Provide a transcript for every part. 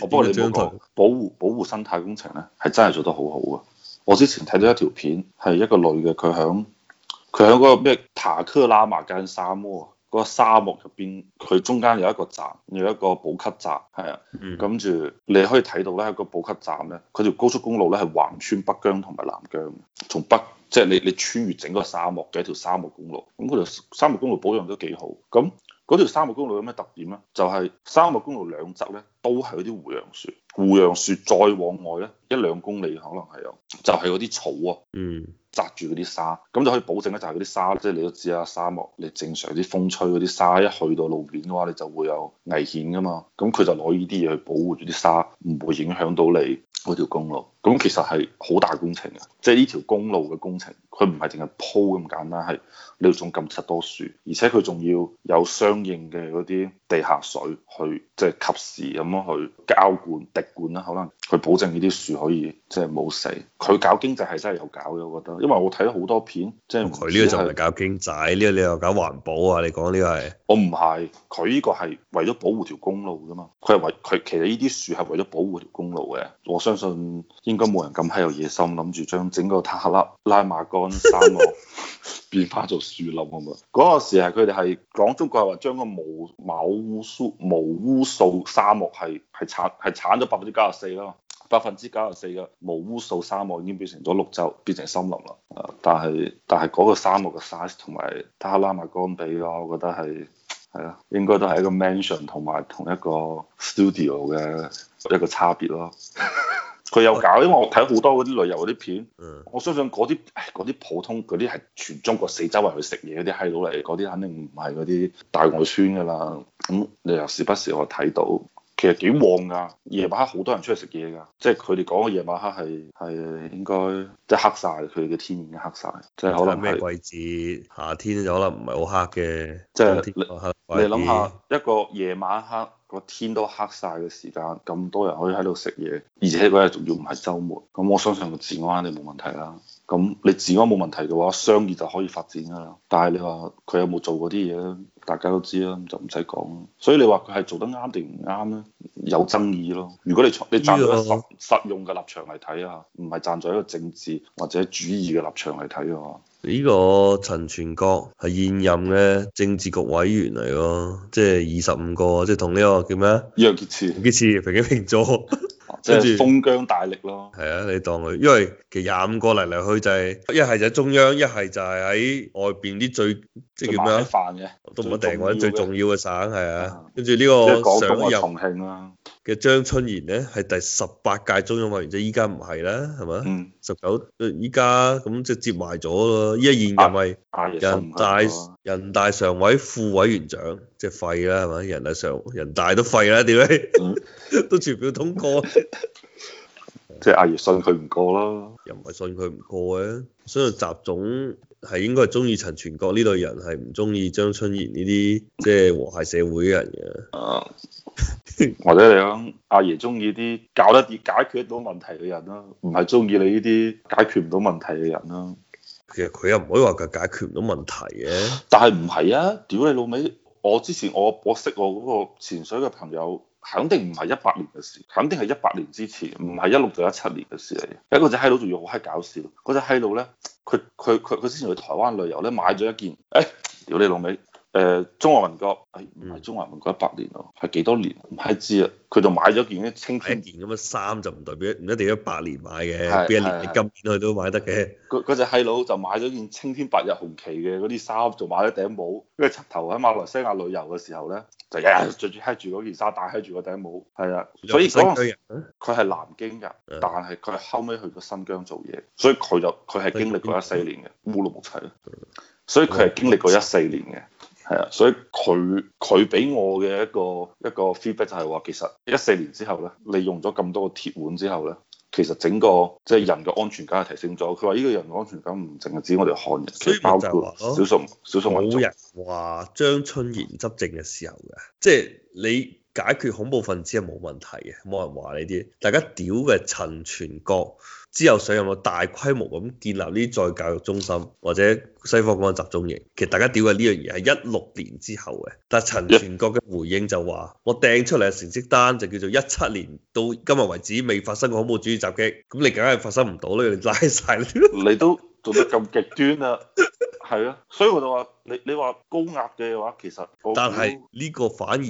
我幫你講保護保護生態工程咧，係真係做得好好啊。我之前睇到一條片，係一個女嘅，佢喺佢喺嗰個咩塔克拉瑪干沙漠，嗰、那個沙漠入邊，佢中間有一個站，有一個補給站，係啊，跟住、嗯、你可以睇到咧，喺個補給站咧，佢條高速公路咧係橫穿北疆同埋南疆，從北即係、就是、你你穿越整個沙漠嘅一條沙漠公路，咁佢條沙漠公路保養都幾好，咁。嗰條沙漠公路有咩特點咧？就係沙漠公路兩側咧都係嗰啲胡楊樹，胡楊樹再往外咧一兩公里可能係有，就係嗰啲草啊，嗯，擸住嗰啲沙，咁就可以保證咧就係嗰啲沙，即係你都知啊，沙漠你正常啲風吹嗰啲沙一去到路面嘅話，你就會有危險㗎嘛，咁佢就攞呢啲嘢去保護住啲沙，唔會影響到你。嗰、就是、條公路，咁其實係好大工程啊！即係呢條公路嘅工程，佢唔係淨係鋪咁簡單，係你要種咁多樹，而且佢仲要有相應嘅嗰啲地下水去，即、就、係、是、及時咁樣去澆灌、滴灌啦，可能佢保證呢啲樹可以即係冇死。佢搞經濟係真係有搞嘅，我覺得，因為我睇咗好多片，即係佢呢個就唔係搞經濟，呢、這個你又搞環保啊？你講呢個係我唔係，佢呢個係為咗保護條公路㗎嘛。佢係為佢其實呢啲樹係為咗保護條公路嘅，我相信應該冇人咁喺有野心，諗住將整個塔克拉拉瑪干沙漠變化做樹林咁啊！嗰個時，係佢哋係講中國係話將個毛烏素毛烏素沙漠係係鏟係鏟咗百分之九十四咯，百分之九十四嘅毛烏素沙漠已經變成咗綠洲，變成森林啦。啊！但係但係嗰個沙漠嘅 size 同埋塔克拉瑪干比啦，我覺得係係咯，應該都係一個 mansion 同埋同一個 studio 嘅一個差別咯。佢有搞，因為我睇好多嗰啲旅遊嗰啲片，嗯、我相信嗰啲啲普通嗰啲係全中國四周圍去食嘢啲閪佬嚟，嗰啲肯定唔係嗰啲大外村㗎喇。咁你又時不時我睇到，其實幾旺㗎，夜晚黑好多人出去食嘢㗎，即係佢哋講嘅夜晚黑係係應該即係、就是、黑晒，佢哋嘅天已經黑晒。即、就、係、是、可能咩季節，夏天就可能唔係好黑嘅。即係、就是、你諗下一個夜晚黑。個天都黑晒嘅時間，咁多人可以喺度食嘢，而且咧仲要唔係週末，咁我相信個治安你冇問題啦。咁你治安冇問題嘅話，商業就可以發展㗎啦。但係你話佢有冇做嗰啲嘢咧，大家都知啦，就唔使講啦。所以你話佢係做得啱定唔啱咧，有爭議咯。如果你你站在實實用嘅立場嚟睇啊，唔係站在一個政治或者主義嘅立場嚟睇嘅話。呢個陳全國係現任嘅政治局委員嚟咯，即係二十五個，即係同呢個叫咩啊？楊潔篪，楊潔篪平起平坐，即係封疆大吏咯。係啊，你當佢，因為其實廿五個嚟嚟去就係一係就喺中央，是是一係就係喺外邊啲最即係叫咩啊？飯嘅，都唔一定，或者最重要嘅省係啊，跟住呢個上一日重慶啊。嘅張春賢咧係第十八屆中央委員啫，依家唔係啦，係咪？十九，依家咁即係接埋咗咯。依家現任係人大人大常委副委員長，即係廢啦，係咪？人大上人大都廢啦，點解都全票通過？即係阿爺信佢唔過啦，又唔係信佢唔過嘅，所以習總係應該係中意陳全國呢類人，係唔中意張春賢呢啲即係和諧社會嘅人嘅。 啊！ 或者你講，阿爺中意啲搞得掂、解決得到問題嘅人啦、啊，唔係中意你呢啲解決唔到問題嘅人啦、啊。其實佢又唔可以話佢解決唔到問題嘅、啊。但係唔係啊？屌你老味，我之前我我識我嗰個潛水嘅朋友，肯定唔係一百年嘅事，肯定係一百年之前，唔係一六到一七年嘅事嚟。 一個隻閪佬仲要好閪搞笑，嗰隻閪佬咧，佢佢佢佢之前去台灣旅遊咧，買咗一件，誒、哎，屌你老味，誒、呃，中華民國，哎中華民國一百年咯，係幾多年？唔係知啊，佢就買咗件啲青天件咁嘅衫，就唔代表唔一定一百年買嘅，邊的一年的你今年去都買得嘅。嗰嗰隻閪佬就買咗件青天白日紅旗嘅嗰啲衫，就買咗頂帽，因為出頭喺馬來西亞旅遊嘅時候咧，就日日着住揩住嗰件衫，戴揩住個頂帽，係啊。所以嗰佢係南京人，的但係佢後尾去咗新疆做嘢，所以佢就佢係經歷過一四年嘅烏魯木齊咯。所以佢係經歷過一四年嘅。疆係啊，所以佢佢俾我嘅一個一個 feedback 就係話，其實一四年之後咧，你用咗咁多個鐵腕之後咧，其實整個即係、就是、人嘅安全感係提升咗。佢話呢個人嘅安全感唔淨係指我哋漢人，所以包括少數。少數，哦、少數民族冇人話張春賢執政嘅時候嘅，即、就、係、是、你解決恐怖分子係冇問題嘅，冇人話呢啲，大家屌嘅陳全國。之後想有大規模咁建立呢再教育中心或者西方講嘅集中營，其實大家屌嘅呢樣嘢係一六年之後嘅，但陳全國嘅回應就話：我掟出嚟嘅成績單就叫做一七年到今日為止未發生過恐怖主義襲擊，咁你梗係發生唔到啦，你拉晒你都做得咁極端啦、啊，係 啊，所以我就話。你你話高壓嘅話，其實但係呢個反而可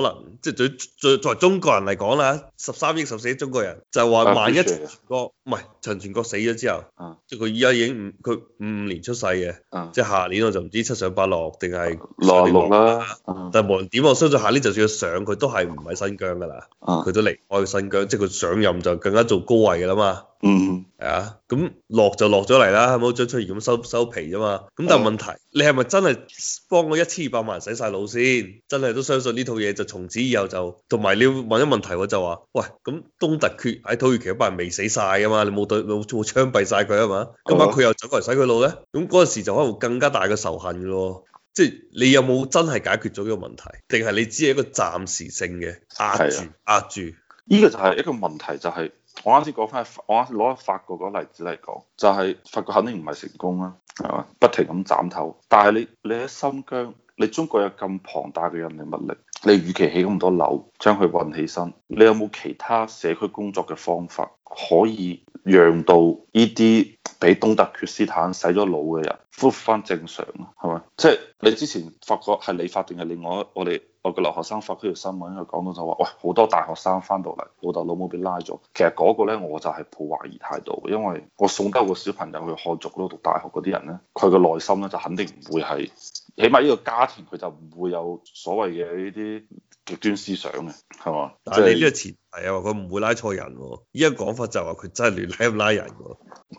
能，即係作為中國人嚟講啦，十三億十四億中國人就話萬一陳全國唔係、啊、陳全國死咗之後，啊、即係佢依家已經佢五五年出世嘅，啊、即係下年我就唔知七上八落定係落啦。啊、但係無論點，我相信下年就算上佢都係唔喺新疆噶啦，佢、啊、都離開新疆，即係佢上任就更加做高位噶啦嘛。嗯，係啊，咁落就落咗嚟啦，係好像出現咁收收皮啫嘛。咁但係問題，你係咪真？啊係幫個一千二百萬洗晒腦先，真係都相信呢套嘢就從此以後就同埋你要問一問題，我就話喂，咁東突厥喺土耳其嗰班人未死晒噶嘛？你冇對冇槍斃晒佢係嘛？今晚佢又走過嚟洗佢腦咧，咁嗰陣時就可能更加大嘅仇恨咯。即係你有冇真係解決咗呢個問題，定係你只係一個暫時性嘅壓住壓住？呢個就係一個問題，就係、是。我啱先講翻，我啱先攞法國嗰例子嚟講，就係、是、法國肯定唔係成功啦，係嘛？不停咁斬頭，但係你你喺新疆，你中國有咁龐大嘅人力物力，你與其起咁多樓，將佢運起身，你有冇其他社區工作嘅方法，可以讓到呢啲俾東突厥斯坦洗咗腦嘅人？復翻正常啊，係咪？即係你之前發覺係你發定係另外我哋我嘅留學生發嗰條新聞，佢講到就話：喂，好多大學生翻到嚟，老豆老母俾拉咗。其實嗰個咧，我就係抱懷疑態度，因為我送得個小朋友去漢族嗰度讀大學嗰啲人咧，佢嘅內心咧就肯定唔會係，起碼呢個家庭佢就唔會有所謂嘅呢啲極端思想嘅，係嘛？但係你呢個前提啊，佢唔會拉錯人喎。依家講法就話佢真係亂喺度拉人喎。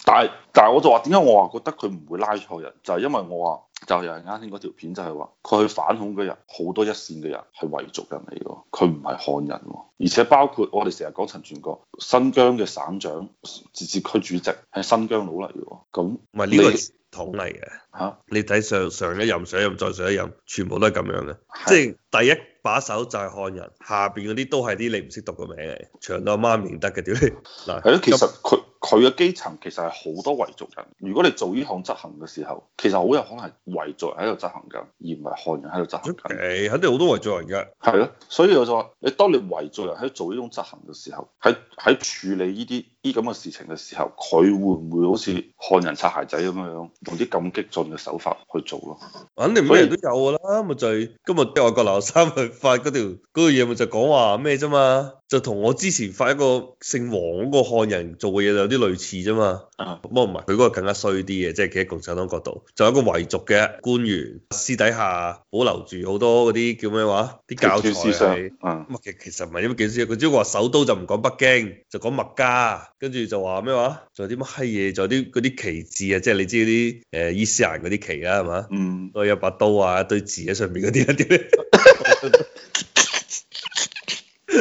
但係，但係我就話點解我話覺得佢唔會拉錯人，就係、係、因為我話就係、有人啱先嗰條片就，就係話佢去反恐嘅人好多一線嘅人係維族人嚟嘅，佢唔係漢人喎。而且包括我哋成日講陳全國，新疆嘅省長、自治區主席係新疆佬嚟嘅，咁唔係呢個統嚟嘅嚇。啊、你睇上上一任、上一任再上，上，上一任，全部都係咁樣嘅，即係的第一把手就係漢人，下邊嗰啲都係啲你唔識讀個名嚟，長到阿媽唔認得嘅屌嗱，係 咯，其實佢。佢嘅基層其實係好多維族人，如果你做呢項執行嘅時候，其實好有可能係維族人喺度執行緊，而唔係漢人喺度執行緊。係，肯定好多維族人㗎。係咯，所以我就話，你當你維族人喺做呢種執行嘅時候，喺喺處理呢啲呢咁嘅事情嘅時候，佢會唔會好似漢人擦鞋仔咁樣樣，用啲咁激進嘅手法去做咯？肯定咩人都有㗎啦，咪就係今日外國留學生發嗰條嗰、嗰個嘢，咪就講話咩啫嘛。就同我之前發一個姓黃嗰個漢人做嘅嘢有啲類似啫嘛。啊、uh,，冇，唔係，佢嗰個更加衰啲嘅，即係企喺共產黨角度，就是、一個遺族嘅官員，私底下保留住好多嗰啲叫咩話，啲教材，啊，咁啊其其實唔係咁嘅意思，佢只不過話首都就唔講北京，就講麥加，跟住就話咩話，仲有啲乜閪嘢，仲、哎、有啲嗰啲旗幟啊，即、就、係、是、你知嗰啲誒伊斯蘭嗰啲旗啊，係嘛？嗯，再有把刀啊，一堆字喺上面嗰啲啊，點、um,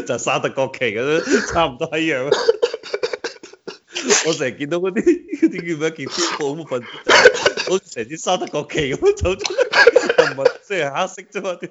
就沙特國旗咁樣， 差唔多一樣我。我成日見到嗰啲啲叫咩？叫件 T 恤咁好似成啲沙特國旗咁樣走咗，唔係即係黑色啫嘛？點？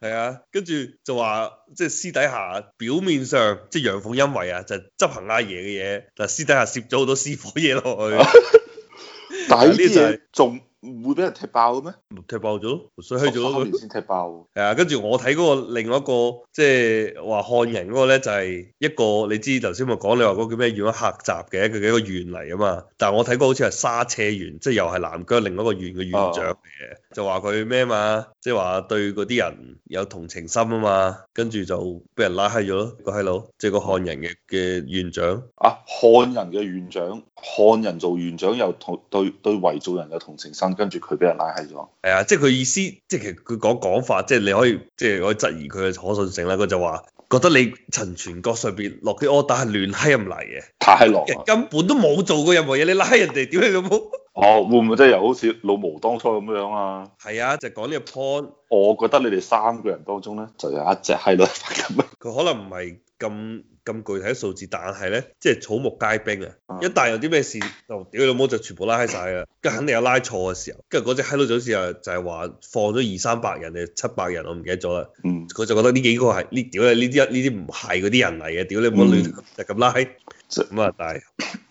係啊，跟住就話即係私底下，表面上即係、就係、陽奉陰違啊，就係、執行阿爺嘅嘢，但私底下攝咗好多私火嘢落去。 但呢啲嘢仲。唔會俾人踢爆嘅咩？踢爆咗，水閪咗。嗰邊先踢爆。係啊， 跟住我睇嗰個另一個，即係話漢人嗰個咧，就係、是、一個你知頭先咪講你話嗰叫咩縣客閘嘅，佢幾個，個縣嚟啊嘛。但係我睇過好似係莎車縣，即、就、係、是、又係南疆另外一個縣嘅縣長嚟嘅、啊，就話佢咩嘛，即係話對嗰啲人有同情心啊嘛。跟住就俾人拉閪咗咯，就是那個閪佬，即、就、係、是、個漢人嘅嘅、那個、縣長。啊，漢人嘅縣長，漢人做縣長又同對對，對維族人有同情心。跟住佢俾人拉閪咗。係啊，即係佢意思，即係其實佢講講法，即係你可以，即係可以質疑佢嘅可信性啦。佢就話覺得你陳全國上邊落啲，order 係亂閪咁嚟嘅，太浪，根本都冇做過任何嘢，你拉人哋屌你咁好？ 哦，會唔會即係又好似老毛當初咁樣啊？係啊，就講呢個 point。我覺得你哋三個人當中咧，就有一隻係咯。佢可能唔係咁。咁具體數字，但係咧，即、就、係、是、草木皆兵啊！一旦有啲咩事，就屌你老母就全部拉晒啦。咁肯定有拉錯嘅時候，跟住嗰隻閪佬就好似又就係話放咗二三百人定七百人，我唔記得咗啦。佢、嗯、就覺得呢幾個係呢屌呢啲呢啲唔係嗰啲人嚟嘅，屌，屌你冇亂就咁拉。咁啊、嗯，但係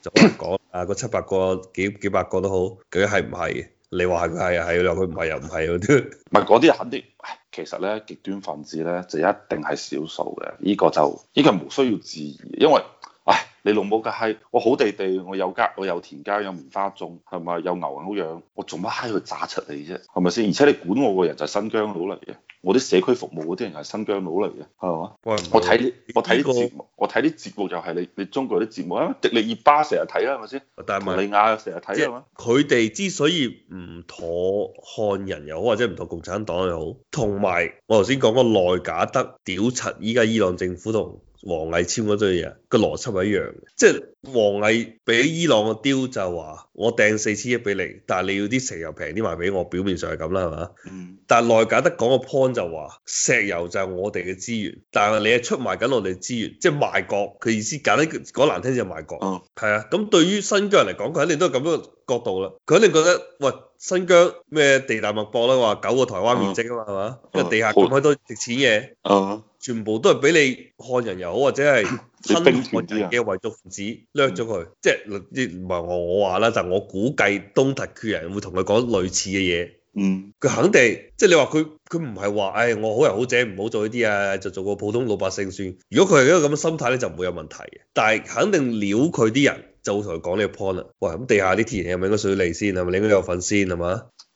就講啊，個七百個、幾幾百個都好，佢係唔係？你話佢係啊，係又佢唔係又唔係，啲、嗯。唔係嗰啲肯定。其實呢極端分子呢就一定係少數嘅，依、這個就依、這個無需要置疑，因為。你老母嘅閪！我好地地，我有家，我有田家，家有棉花種，係咪？有牛人好養，我做乜閪去炸出嚟啫？係咪先？而且你管我個人就新疆佬嚟嘅，我啲社區服務嗰啲人又係新疆佬嚟嘅，係嘛？喂，我睇我睇節目，呢個、我睇啲節目就係你你中國啲節目啊，迪麗熱巴成日睇啦，係咪先？但係是摩利亞成日睇啊。佢哋之所以唔妥漢人又好，或者唔妥共產黨又好，同埋我頭先講個內賈德屌柒，依家伊朗政府同。王毅簽嗰張嘢，個邏輯係一樣嘅，即係王毅俾伊朗個 deal，就話我掟四千億俾你，但係你要啲石油平啲賣俾我，表面上係咁啦，係嘛？但係內搞得講個 point 就話石油就係我哋嘅資源，但係你係出賣緊我哋資源，即係賣國。佢意思講得講難聽就賣國。哦。係啊，咁對於新疆人嚟講，佢肯定都係咁樣角度啦。佢肯定覺得喂。新疆咩地大物博啦，話九個台灣面積啊嘛，係嘛？因為地下咁閪多值錢嘢，啊啊、全部都係俾你漢人又好或者係親漢人嘅遺族分子、啊、掠咗佢，即係唔係我話啦，但係我估計東突厥人會同佢講類似嘅嘢，嗯，佢肯定即係你話佢佢唔係話，唉、哎，我好人好者唔好做呢啲啊，就做個普通老百姓算。如果佢係一個咁嘅心態咧，就唔會有問題嘅。但係肯定撩佢啲人。就同佢講呢個 point 啦。喂，咁地下啲天然氣係咪應該處理先？係咪你應該有份先？係嘛？